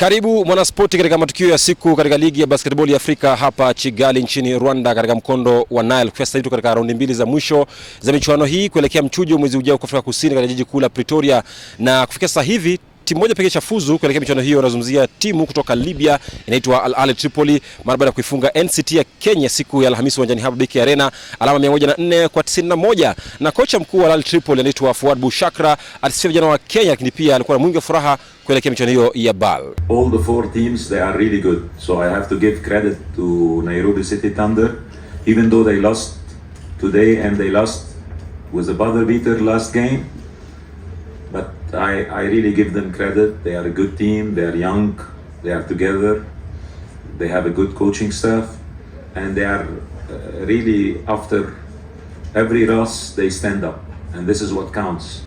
Karibu mwanaspoti katika matukio ya siku katika ligi ya basketball ya Afrika hapa Kigali nchini Rwanda, katika mkondo wa Nile. Sasa hivi katika raundi mbili za mwisho za michuano hii kuelekea mchujo mwezi ujao kwa Afrika Kusini katika jiji kuu la Pretoria, na kufikia sasa hivi timu moja pekee chafuzu kuelekea michuano hiyo. Anazungumzia timu kutoka Libya inaitwa Al Ahly Tripoli mara baada ya kuifunga NCT ya Kenya siku ya Alhamisi uwanjani hapa Beki Arena alama 104 kwa 91, na kocha mkuu wa Al Ahly Tripoli anaitwa Fuad Bushakra alisifia vijana wa Kenya, lakini pia alikuwa na mwingi wa furaha kuelekea michuano hiyo ya BAL. All the four teams they are really good so I have to give credit to Nairobi City Thunder even though they lost today and they lost with a buzzer beater last game but I, I really give them credit. They are a good team. They are young. They are together. They have a good coaching staff. And they are uh, really, after every loss, they stand up. And this is what counts.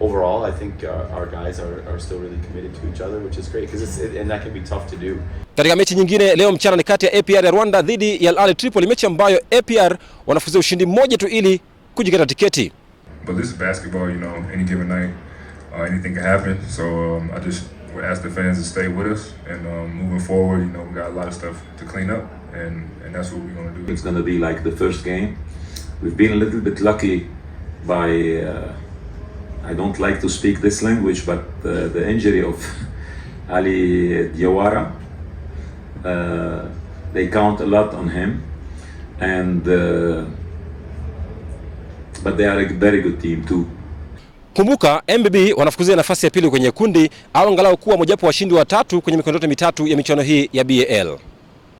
overall, I think our, uh, our guys are, are still really committed to each other, which is great because it's it, and that can be tough to do. Katika mechi nyingine leo mchana ni kati ya APR ya Rwanda dhidi ya Al Ahly Tripoli, mechi ambayo APR wanafuzia ushindi mmoja tu ili kujikata tiketi. But this is basketball, you know, any given night, uh, anything can happen. So um, I just would ask the fans to stay with us and um, moving forward, you know, we got a lot of stuff to clean up and and that's what we're going to do. It's going to be like the first game. We've been a little bit lucky by uh, I don't like to speak this language, but uh, the injury of Ali Diawara, uh, they count a lot on him, and uh, but they are a very good team too. Kumbuka MBB wanafukuzia nafasi ya pili kwenye kundi au angalau kuwa mojawapo washindi watatu kwenye mikondo yote mitatu ya michuano hii ya BAL.